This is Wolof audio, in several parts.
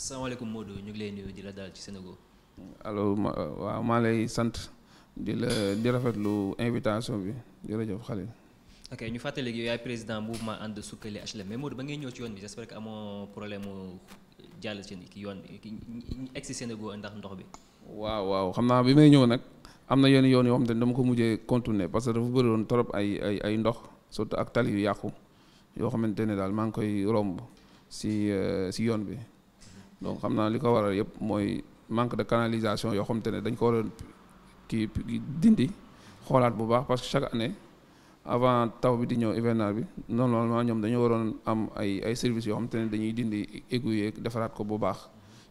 asalaamaaleykum Modou ñu ngi lay nuyu di la dalal ci Sénégal. allo ma waaw maa lay sant di la di rafetlu invitation bi jërëjëf Khalil. ok ñu fàttali yow yaay ànd sukkali HLM mais ba ngay ñëw ci yoon bi j'espère que amoo problème mu jàll ci yoon bi ki egg ndax ndox bi. waaw waaw xam naa bi may ñëw nag am na yenn yoon yoo xam te ne dama ko mujjee contourner parce que dafa bëri woon trop ay ay ay ndox surtout ak tali yu yàqu yoo xamante ne daal maa ngi koy romb si euh, si yoon bi. donc xam naa li ko waral yëpp mooy manque de canalisation yoo xam ne dañ ko war a kii dindi xoolaat bu baax parce que chaque année avant taw bi di ñëw hivernal bi normalement ñoom dañoo waroon am ay ay services yoo xam te ne dañuy dindi aiguiller defaraat ko bu baax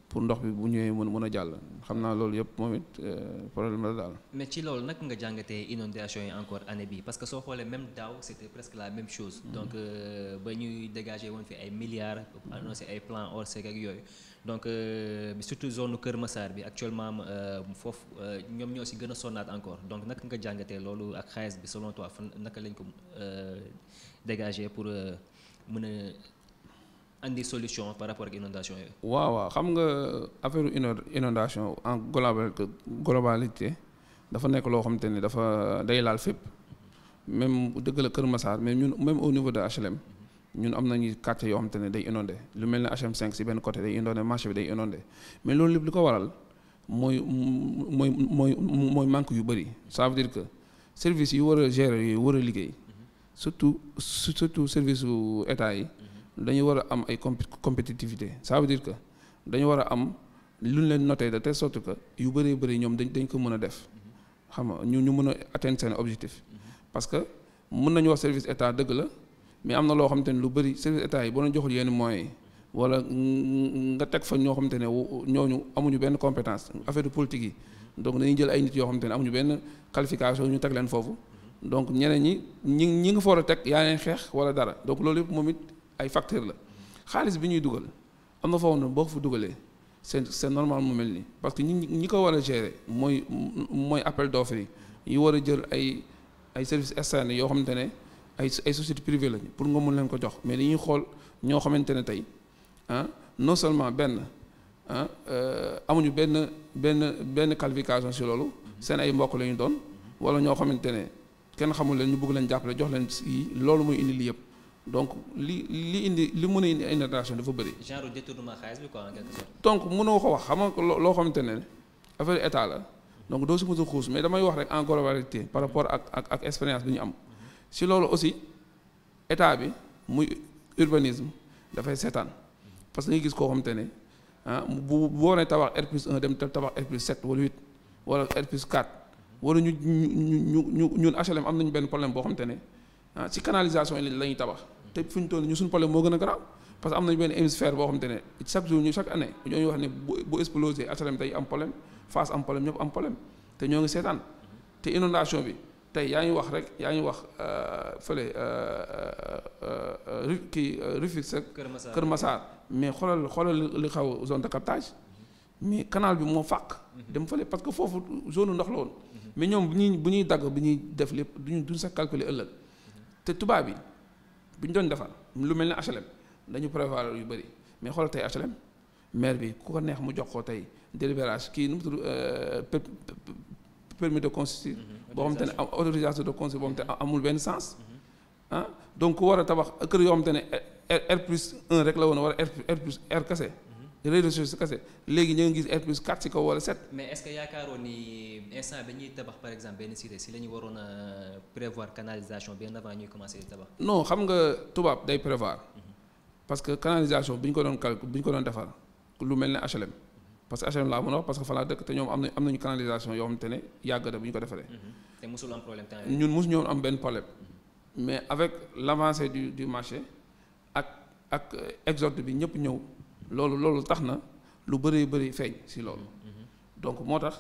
pour ndox bi bu ñëwee mun mën a jàll xam naa lool yëpp moom it euh, problème la daal. mais ci loolu nag nga jàngatee inondation yi encore année bi parce que soo xoolee même daaw c'était presque la même chose. Mm-hmm. donc euh, ba ñuy dégager woon fi ay milliards annoncé ay plans hors ak yooyu. donc euh, surtout zone Kër Massar bi actuellement euh, foofu euh, ñoom ñoo si gën a sonnaat encore donc naka nga jàngatee loolu ak xaalis bi selon toi fan naka lañ ko dégager pour mën a andi solution par rapport ak inondation waaw waaw xam nga affaire inondation en global globalité dafa nekk loo xamante ni dafa day laal fépp même dëgg la Kër Massar mais ñun même au niveau de HLM. ñun am nañuy quartier yoo xam te ne day inondé lu mel ne HM5 si benn côté day inondé marché bi day inondé mais loolu lépp ko waral mooy mooy mooy mooy manque yu bëri ça dire que service yi war a gérer yooyu war a liggéey surtout surtout service su état yi dañuy war a am ay compétitivité ça veut dire que dañu war a am lu ñu leen noté de telle sorte que yu bëree bëri ñoom dañ dañ ko mën a def xam ñu ñu mën a atteindre seen objectif parce que mën nañu wax service état dëgg la mais am na loo xamante ne lu bëri service état yi boo leen joxul yenn moyens yi wala nga teg fa ñoo xamante ne ñooñu amuñu benn compétence affaire de yi donc dañuy jël ay nit yoo xamante ne amuñu benn qualification ñu teg leen foofu donc ñeneen ñi ñi ñi nga foor a teg yaa xeex wala dara donc loolu yëpp moom it ay facteur la xaalis bi ñuy dugal am na foo ne boo ko fa dugalee c'est c'est normal mu mel nii parce que ñi ñi ko war a gérer mooy mooy appel d'offre yi yi war a jël ay ay services externes yoo xamante ne ay ay société privée lañu pour nga mun leen ko jox mais dañuy xool ñoo xamante ne tey ah non seulement benn ah euh, amuñu benn benn benn qualification si loolu seen ay mbokk lañu doon wala ñoo xamante ne kenn xamul leen ñu bugg leen jàppale jox leen si loolu muy indi li yëpp donc li li indi li mën a indi inondation dafa bëri. genre détournement xaalis bi quoi en quelque sorte. donc mënoo ko wax loo xamante ne affaire état la donc doo si mën a xuus mais damay wax rek en globalité par rapport ak ak ak expérience bi ñu am. si loolu aussi état bi muy urbanisme dafay seetaan parce que nga gis koo xamante ne ah bu boo nee tabax R plus 1 dem tabax R plus 7 wala 8 wala R plus 4 wala ñu ñu ñu ñun HLM am nañu benn problème boo ne si ah, canalisation yi la ñuy tabax te fu ñu toll ñu suñu problème moo gën a garaaw parce que am nañu benn hémisphère boo xamante ne chaque jour ñu chaque année ñoo ngi wax ne bu bu explosé HLM tey am problème Fass am problème ñëpp am problème te ñoo ngi seetaan te inondation bi. tey yaa ngi wax rek yaa ngi wax euh, fële euh, euh, kii Rufisque ak Kër Massar mais xoolal xoolal li xaw zone de captage mais canal bi moo fàq mhm. dem fële parce que foofu zone ndox la woon mhm. mais ñoom bu ñuy bu ñuy dagg bu ñuy def lépp duñu duñ sax calculer ëllëg mhm. te tubaab yi bu ñu doon defar lu mel ni HLM dañu prévoir yu bëri mais xoolal tey HLM maire bi ku ko neex mu jox ko tey délibérage kii nu mu tudd permis de construire boo xam te ne autorisation de construire amul benn sens. ah donc war a tabax kër yoo xam ne R plus 1 rek la war a R R kese. Mhm. réseau si léegi ñu ngi gis R plus 4 ci kaw wala mais est-ce que yaakaaroon ni instant bi par exemple benn si la ñu waroon a prévoir canalisation bien avant ñuy commencer tabax. non xam nga tubaab day prévoir. Mhm. parce que canalisation bi ñu ko doon calcul bi ñu ko doon defar lu mel ne HLM. parce que HLM laa mën a wax parce que fa dëkk te ñoom am nañ am canalisation yoo xam ne yàgg na bu ñu ko defaree. Mm-hmm. te mosul am problème temps ñun mosu am benn problème. mais avec l' du du marché ak ak exode bi ñëpp ñëw loolu loolu tax na lu bëri bëri feeñ si loolu. Mm-hmm. donc moo tax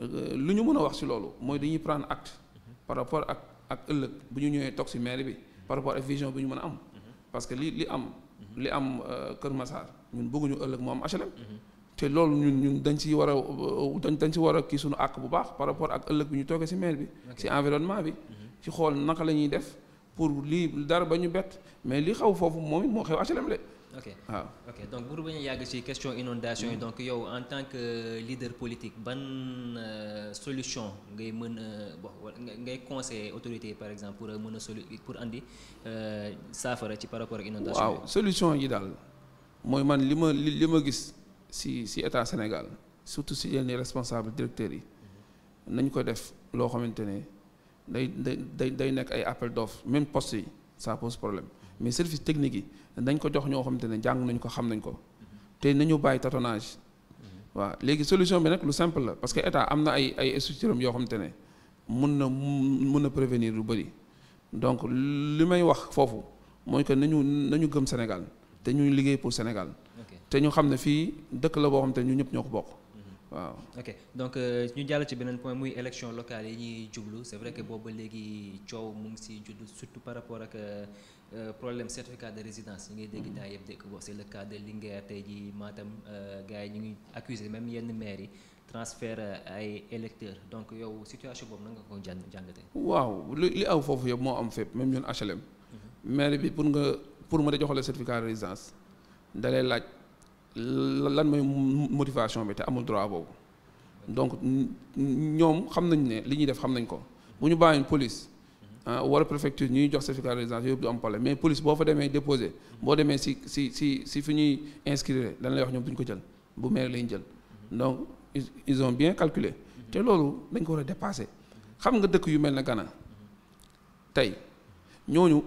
euh, lu ñu mën a wax si loolu mooy dañuy prendre acte. Mm-hmm. par rapport ak ak ëllëg bu ñu ñëwee toog si mairie bi. par rapport ak vision bi ñu mën a am. parce que li li am. li am euh, Kër Massar ñun bëgguñu ëllëg mu am HLM. te loolu ñun ñun dañ ci war a euh, dañ dañ ci war a kii suñu àq bu baax par rapport ak ëllëg bi ñu toogee ci mail bi ci environnement bi mhm. ci xool naka la ñuy def pour lii dara ba ñu bett mais li xaw foofu moom moo xew HLM de ok waaw ok donc yàgg ci question inondation yi mhm. donc yow en tant que euh, leader politique ban euh, solution ngay mën a wax ngay conseiller autorité yi par exemple mën a solu pour andi saafara ci par rapport ak inondation waaw solution yi daal mooy man li ma li ma gis si si état Sénégal surtout si yenn responsable directeurs yi nañ ko def loo xamante ne day day day nekk ay appel d'offre même post yi ça pose problème mais service technique yi nañ ko jox ñoo xamante ne jàng nañ ko xam nañ ko te ñu bàyyi tâtonnage waaw léegi solution bi nag lu simple la parce que état am na ay ay structure yoo xamante ne mun na mun na prévenir lu bëri donc li may wax foofu mooy que nañu nañu gëm Sénégal te ñuy liggéey pour Sénégal te ñu xam ne fii dëkk la boo xam te ñu ñëpp ñoo ko bokk. Mm-hmm. waaw ok donc euh, ñu jàll ci beneen point muy élection locale yi ñuy jublu c'est vrai que boobu léegi coow mu ngi si judd surtout par rapport ak euh, euh, problème certificat de résidence ñu ngi dégg temps mm-hmm. yëpp dégg ko c'est donc yow situation boobu na nga ko jàng jàngatee. waaw li li aw foofu yëpp moo am fépp même ñun HLM. Mm-hmm. maire bi pour nga pour mu de jox la certificat de résidence dalay laaj. lan mooy motivation bi te amul droit boobu donc ñoom xam nañ ne li ñuy def xam nañ ko bu ñu bàyyi police ah, wala préfecture ñuy jox certificat de résidence yëpp du am problème mais police boo fa demee déposé boo demee si si si si fi ñuy inscrire dañ lay wax ñoom ñu ko jël bu maire lañ jël donc ils ont bien calculé te loolu dañ ko war a dépassé xam nga dëkk yu mel na Ghana tey ñooñu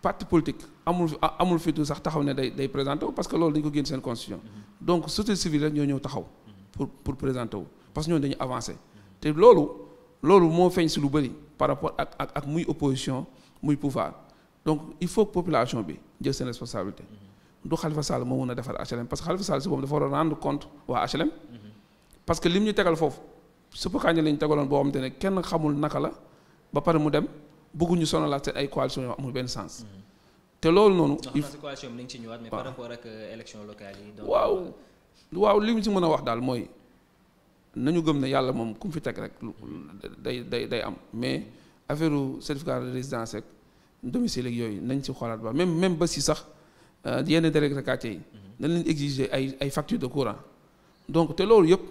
parti politique amul amul fitu sax taxaw ne day day présenté parce que loolu dañu ko génn seen constitution donc société civile rek ñoo ñëw taxaw pour pour présenté parce que ñooñu dañu avancé te loolu loolu moo feeñ si lu bëri par rapport ak ak ak muy opposition muy pouvoir donc il faut population bi jël seen responsabilité du Khalifa Sall moo mun a defar HLM parce que Khalifa Sall si boobu dafa war a rendre compte waa HLM parce que lim ñu tegal foofu suppakaane la ñu tegaloon boo xamante ne kenn xamul naka la ba pare mu dem bëgguñu sonalaat seen ay coalition yoo amul benn te loolu noonu. il faut nañ ci ñëwaat mais par rapport ak euh, élection locale yi. waaw euh, waaw li mu si mën a wax daal mooy nañu gëm ne yàlla moom kum fi teg rek day day day am mais affaire certificat de résidence ak domicile ak yooyu nañ si xoolaat ba même même ba si sax euh, yenn délégués de yi. Mhm. dañ leen exiger ay ay facture de courant donc te loolu yëpp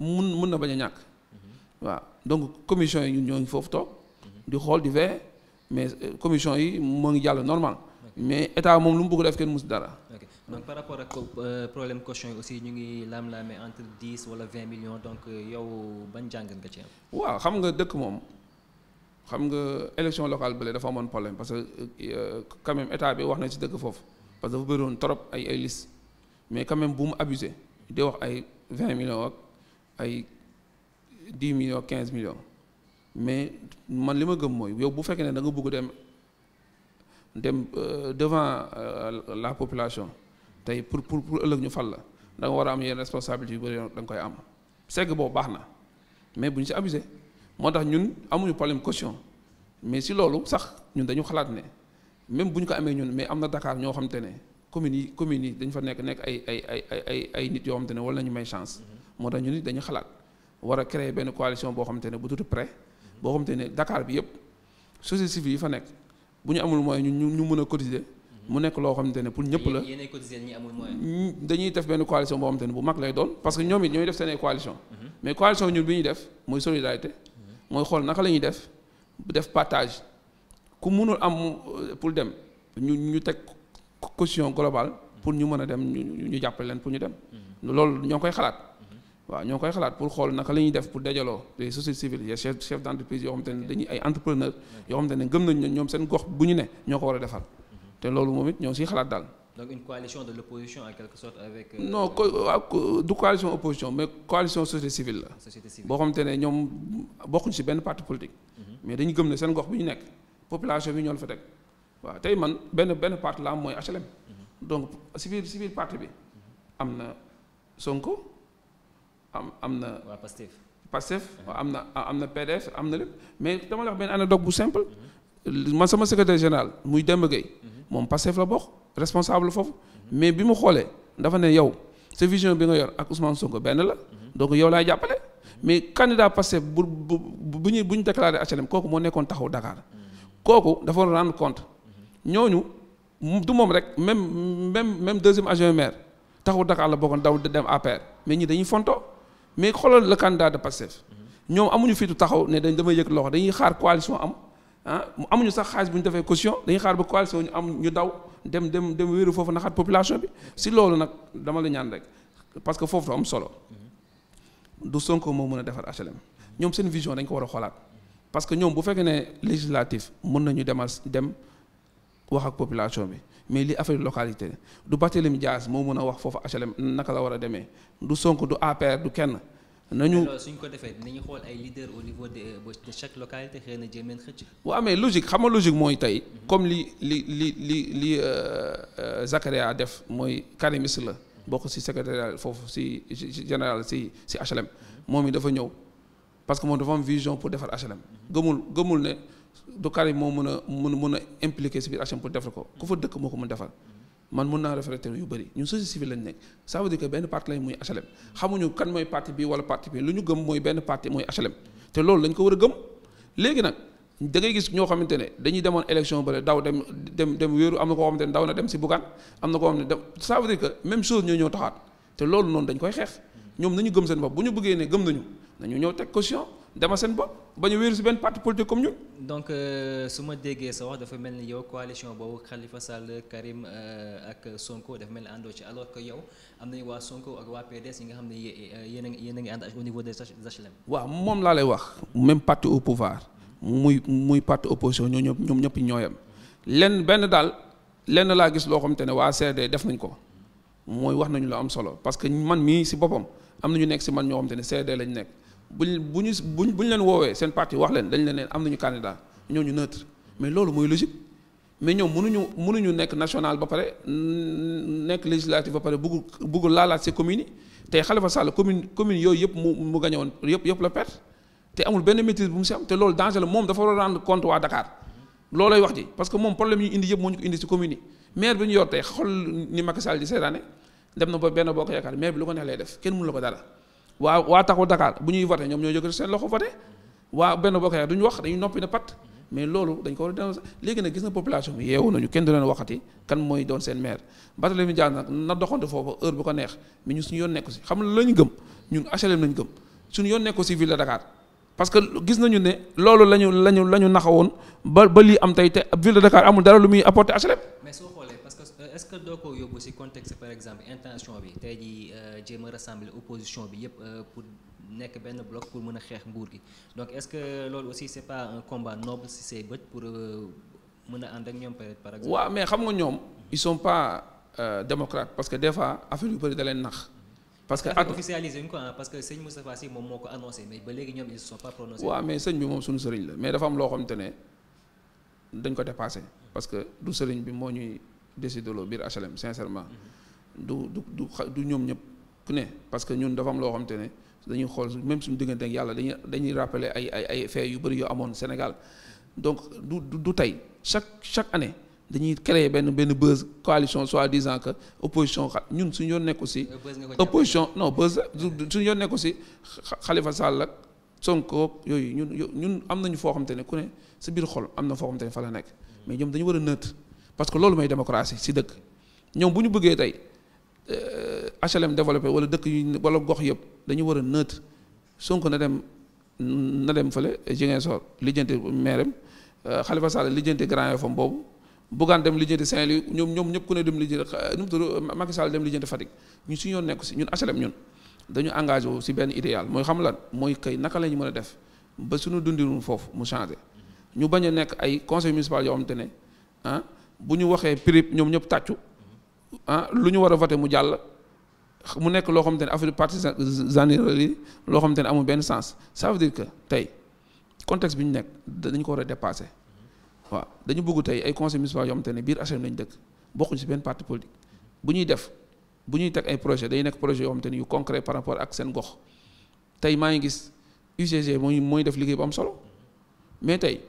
mun mun na bañ a ñàkk. Mhm. waaw donc commission yi ñoo ngi foofu toog. Mhm. di xool di veiller mais commission yi moo ngi jàll normal. mais état moom lu mu bugg def kenn mus dara. ok donc par rapport ak euh, problème caution yi aussi ñu ngi laam-laame entre dix wala vingt millions donc euh, yow ban jàngat nga ci am. waaw xam nga dëkk moom xam nga élection locale bële dafa amoon problème parce que euh, quand état bi wax na ci dëkk foofu parce que dafa bëri trop ay ay mais quand même bu mu abusé di wax ay vingt millions ak ay dix millions quinze million mais man li ma gëm mooy yow bu fekkee ne da nga bëgg dem. dem euh, devant euh, la population tey pour pour pour ëllëg ñu fal la da war a am yenn responsabilité yu bëri da koy am segg boo baax na mais bu ñu si abusé moo tax ñun amuñu problème caution mais si loolu sax ñun dañu xalaat ne même bu ñu ko amee ñun mais am na Dakar ñoo xam te ne commune yi communes yi dañ fa nekk nekk ay ay ay ay ay nit yoo xam te ne wala ñu may chance mm-hmm. moo tax ñun it dañu xalaat war a créer benn coalition boo xam te ne bu tuuti prêt boo xam ne Dakar bi yëpp société yi fa nekk. bu ñu amul mooy ñu ñu mën a cotiser mhm. mu nekk loo xamante ne pour ñëpp la dañuy def benn coalition boo xamante ne bu mag lay doon parce que ñoom it ñooy def seen coalition mhm. mais coalition ñun bi ñuy def mooy solidarité mhm. mooy xool naka la ñuy def def partage ku mënul am pour dem ñu ñu teg caution globale pour ñu mën a dem ñu ñu jàppale leen pour ñu dem loolu ñoo koy xalaat waa ñoo koy xalaat pour xool naka la ñuy def pour dajaloo les sociétés civiles les chefs chefs d'entreprise yoo xam te ne dañuy ay entrepreneurs yoo xam te ne gëm nañ ne ñoom seen gox bu ñu ne ñoo ko war a defar mhm. te moom it ñoo xalaat daal. donc une coalition de l'opposition en quelque sorte avec. Euh, non co waaw du la. société civile boo ne ñoom bokkuñ ci benn parti politique. Mhm. mais dañu gëm ne seen gox bi nekk population bi ñoo la fa teg waaw tey man benn benn parti la am mooy HLM. Mhm. donc si biir si biir parti bi am na Sonko. am am na. waa Pastef. Pastef uh-huh. am na am na PDS am na lépp mais dama la wax benn anecdote bu simple. Uh-huh. ma sama secrétaire général muy Demba Gueye. Uh-huh. moom Pastef la bokk responsable foofu. mais bi mu xoolee dafa ne yow sa vision bi nga yor ak Ousmane Sonko benn la. donc yow laay jàppale. mais candidat Pastef bu bu bu ñu bu ñu déclaré HLM kooku moo nekkoon taxaw Dakar. kooku dafa rendre compte. ñooñu du moom rek même même même deuxième adjoint maire taxaw Dakar la bokkoon daw dem APR mais ñi dañuy fonto mais xoolal le candidat de Pastef ñoom amuñu fitu taxaw ne dañ damay yëg loxo dañuy xaar coalition am ah, mu amuñu sax xaalis bu ñu defee caution dañuy xaar ba coalition ñu am ñu daw dem dem dem wéeru foofu naxaat population bi si loolu nag dama la ñaan rek parce que foofu am solo du Sonko moom mën a defar HLM ñoom seen vision dañ ko war a xoolaat parce que ñoom bu fekkee ne législatif mën nañu demal dem wax ak population bi mais li affaire localité du Barthélémy Dias moo mën a wax foofu HLM naka la war a demee du Sonko du APR du kenn. nañu suñ ko defee dinañu xool ay leader au niveau de euh, de chaque localité xëy na jéem leen xëcc. waaw mais logique xam nga logique mooy tey. comme li li li li li euh, euh, Zakaria def mooy karimiste la. bokk si secrétaire foofu si général si ci HLM. moom it dafa ñëw parce que moom dafa am vision pour defar HLM. gëmul gëmul ne. du Karim moo mën a mun mën a impliqué si biir action pour defar ko ku fa dëkk moo ko mën defar man mun naa référé yu bëri ñun société civile lañ nekk ça veut dire que benn parti lañ muy HLM xamuñu kan mooy parti bi wala parti bi lu ñu gëm mooy benn parti mooy HLM te loolu lañ ko war a gëm léegi nag da gis ñoo xamante ne dañuy demoon élection bële daw dem dem dem wéeru am na koo xamante ne daw na dem si Bougane am na ko xam ne dem ça veut dire même chose ñoo ñëw taxaat te loolu noonu dañ koy xeex ñoom nañu gëm seen bopp bu ñu bëggee ne gëm nañu nañu ñëw teg caution dama seen bopp ba ñu wéeru si benn parti politique comme ñun. donc euh, su ma déggee sa wax dafa mel ni yow coalition boobu Khalifa Sall Karim euh, ak Sonko dafa mel ni àndoo ci alors que yow am nañu waa Sonko ak waa PDS yi nga xam ne euh, yéen a yéen a ngi ànd au niveau des HLM. waaw moom laa lay wax même parti au pouvoir muy muy parti opposition ñoo ñëpp ñoom ñëpp ñooyam lenn benn daal lenn laa gis loo xamante ne waa CD def nañ ko mooy wax nañu lu am solo parce que man mii si boppam am na nekk si man ñoo xamante ne CD lañ nekk. buñ bu ñu buñ bu ñu leen woowee seen parti wax leen dañ leen leen am nañu candidat ñooñu neutre mais loolu mooy logique mais ñoom mënuñu mënuñu nekk national ba pare nekk législatif ba pare bugg bugg laalaat si communes yi tey Khalifa Sall commune commune yooyu yëpp mu mu gagné woon yëpp yëpp la perte te amul benn maîtrise bu mu si te loolu danger la moom dafa war a rendre compte waa Dakar loolay wax ji parce que moom problème yi ñu indi yëpp moo ñu ko indi si commune maire bi ñu yor tey xool ni na ba benn boo ko yaakaar maire def kenn mënu la ko dara waa waa taxawu Dakar bu ñuy voté ñoom ñoo yëkkati seen loxo voté waa benn bokk du ñu wax dañu noppi ne pat mais loolu dañ ko war a dénoncé léegi nag gis na population bi yeewu nañu kenn du leen waxati kan mooy doon seen maire Barthélémy Dias nag na doxante foofu heure bu ko neex mais ñun suñu yoon nekku si xam la ñu gëm ñun HLM lañu gëm suñu yoon nekku si ville de Dakar parce que gis nañu ne loolu lañu lañu la ñu naxawoon ba ba lii am tey te ville de Dakar dara lu muy apporter HLM est-ce que doo ko yóbbu ci contexte par exemple intention bi tey jii euh, jéem a rassembler opposition bi yëpp euh, nekk benn bloc pour mën a xeex nguur gi donc est-ce que loolu aussi c'est pas un combat noble ci say bët pour euh, mën a ànd ak ñoom par exemple. waaw mais xam nga ñoom ils sont pas démocrates parce nax. parce que ak officialisé ñu ko ah, parce que sëñ Moustapha moo ko annoncé mais ba léegi ñoom ils bi moom suñu sëriñ la mais dafa loo xamante ne dañ ko dépassé parce que du sëriñ bi moo ñuy. décidé loo biir HLM sincèrement. du du du du ñoom ñëpp ku ne parce que ñun dafa am loo xam te ne dañuy xool même suñu diggante ak yàlla dañuy dañuy ay ay ay faits yu bëri yoo amoon Sénégal donc du du tey chaque chaque année. dañuy créer benn benn buzz coalition soi-disant que opposition xa ñun suñu yoon nekk aussi. opposition non buzz suñu yoon nekk aussi Khalifa Sall ak Sonko yooyu ñun ñun am nañu foo xamante ne ku ne si biir xol am na foo xamante ne fa la nekk. mais ñoom dañu war a parce que loolu mooy démocratie si dëkk ñoom bu ñu bëggee tey HLM euh, développé wala dëkk yu wala gox yëpp dañu war a nëët Sonko na dem na dem fële Ziguinchor lijjanti maire am euh, Khalifa Sall lijjanti Grand Yoff boobu Bougane dem lijjanti Saint-Louis ñoom ñoom ñëpp ku ne dem lijjanti euh, nu mu tudd Macky Sall dem lijjanti Fatick ñu suñu yoon nekku si ñun HLM ñun dañu engagé wu si benn idéal mooy xam lan mooy kay naka la ñu mën a def ba suñu dundinu foofu mu changé ñu bañ a nekk ay conseil municipal yoo xam ne ah bu ñu waxee prix ñoom ñëpp tàccu ah lu ñu war a voté mu jàll mu nekk loo xam te ne affaire partisanerie yi loo xamante ne amul benn sens ça veut dire que tey contexte bi ñu nekk dañ ko war a dépassé waa dañu bëgg tey ay conseil municipal yoo xamante ne biir HLM lañ dëkk bokkuñu si benn parti politique bu ñuy def bu ñuy teg ay projet dañuy nekk projet yoo xamante ne yu concret par rapport ak seen gox tey maa ngi gis UCG mooy mooy def liggéey bu am solo mais tey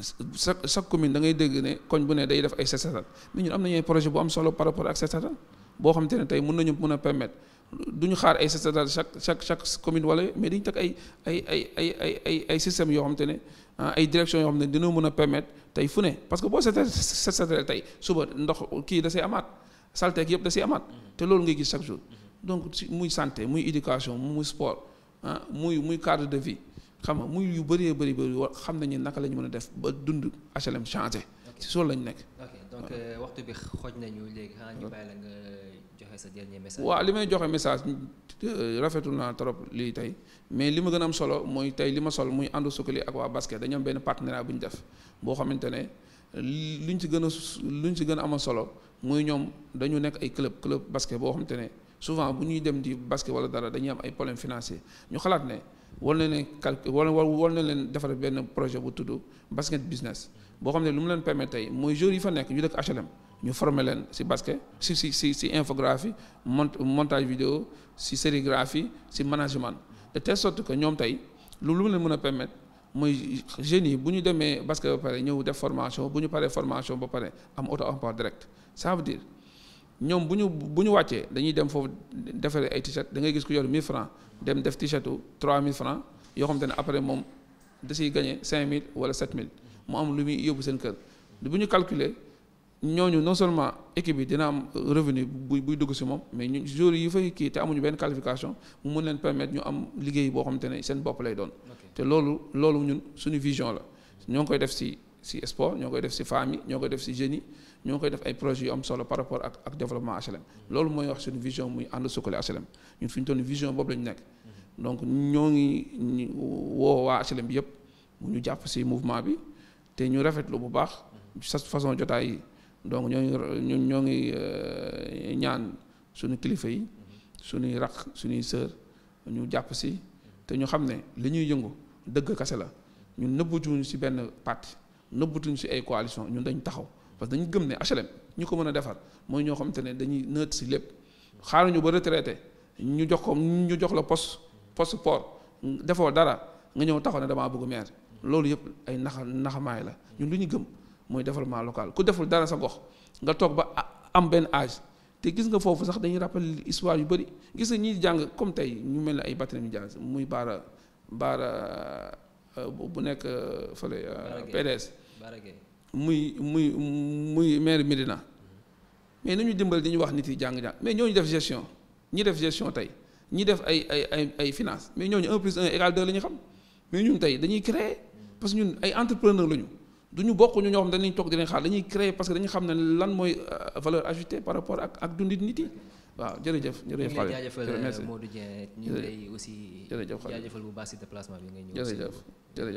sa chaque commune dangay dégg ne koñ bu ne day def ay set setal mais ñun am nañu ay projet bu am solo par rapport ak set setal boo xam te ne tey mën nañu mën a permettre du ñu xaar ay set setal chaque chaque commune wala mais dañu teg ay ay ay ay ay système yoo xam te ne ah, ay direction yoo xam ne dina mën a permettre tey fu ne parce que boo set setal tey suba ndox kii da say amaat salteeg yëpp da say amaat mm-hmm. te loolu ngay gis chaque jour mm-hmm. donc muy santé muy éducation muy sport ah muy muy cadre de vie xam nga muy yu bëree bëri bëri xam nañu naka la ñu mën a def ba dund HLM changé. ci solo lañ nekk. ok donc euh, waxtu bi xooj nañu léegi xanaa ah, ñu bàyyi la nga joxe sa dernier message. waaw li may joxe message euh, rafetul naa trop lii tey mais li ma gën a am solo mooy tey li ma sol muy àndu sukkali ak waa basket dañu am benn partenariat bu ñu def boo xamante ne ñu ci gën a lu ñu ci gën a amal solo muy ñoom dañu nekk ay club club basket boo xamante ne souvent bu ñuy dem di basket wala dara dañuy am ay problème financier ñu xalaat ne. war ne leen calcul war war na leen defar benn projet bu tudd basket business boo xam ne lu mu leen permettre tey mooy joueurs yi fa nekk ñu dëkk HLM ñu former leen si basket si si si si infographie mont montage vidéo si sérigraphie si management de telle sort que ñoom tey lu mu leen mën a permettre muy jeunes yi bu ñu demee basket ba pare ñëw def formation bu ñu paree formation ba pare am auto emploi direct ça veut dire. ñoom bu ñu bu ñu wàccee dañuy dem foofu defaree ay t-shirt da ngay gis ku yor 1000 francs dem def t-shirtu 3000 francs yoo xamante ne après moom da siy gagné 5000 wala 7000 mu am lu muy yóbbu seen kër bu ñu calculer ñoo ñu non seulement équipe bi dina am revenu buy buy dugg si moom mais ñu joueurs yi fay kii te amuñu benn qualification mu mun leen permettre ñu am liggéey boo xamante ne seen bopp lay doon. te loolu loolu ñun suñu vision la ñoo ngi koy def si si sport ñoo koy def si famille ñoo ngi def si jeunes yi ñoo ngi koy def ay projets yu am solo par rapport ak ak développement HLM loolu mooy wax suñu vision muy ànd sukkali HLM ñun fi ñu toll vision boobu la ñu nekk donc ñoo ngi woo waa HLM bi yëpp ñu jàpp si mouvement bi te ñu rafetlu bu baax sa façon jotaay yi donc ñoo ngi ñoo ngi euh, ñaan suñu kilifa yi suñuy raq suñuy sœur ñu jàpp si te ñu xam ne li ñuy yëngu dëgg kase la ñun nëbbatuñu si benn parti nëbbatuñu si ay coalition ñun dañu taxaw parce que dañu gëm ne HLM ñu ko mën a defar mooy ñoo xamante ne dañuy nëët si lépp xaaruñu ba retraité ñu jox ko ñu jox la post post port defoo dara nga ñëw taxaw ne damaa bëgg maire loolu yëpp ay naxa naxamaay la ñun lu ñu gëm mooy développement local ku deful dara sa gox nga toog ba am benn age te gis nga foofu sax dañuy rappel histoire yu bëri gis nga ñiy jàng comme tey ñu mel ne ay Barthélémy Dias muy baara baara euh, bu nekk euh, fële euh, PDS muy muy muy maire Médina mais ñu dimbal di ñu wax nit yi jàng-jàng mais ñooñu def gestion ñi def gestion tey ñi def ay ay ay ay finance mais ñooñu un plus un égal deux la ñu xam mais ñun tey dañuy créer parce que ñun ay entrepreneur la du ñu bokk ñu ñoo xam dañuy toog di leen xaar dañuy créer parce que dañu xam ne lan mooy euh, valeur ajoutée par rapport ak ak dundit nit yi waaw jërëjëf jërëjëf Xale jërëjëf merci ñu ngi lay jaajëfal euh, Modou Dieng ñu jërëjëf jërëjëf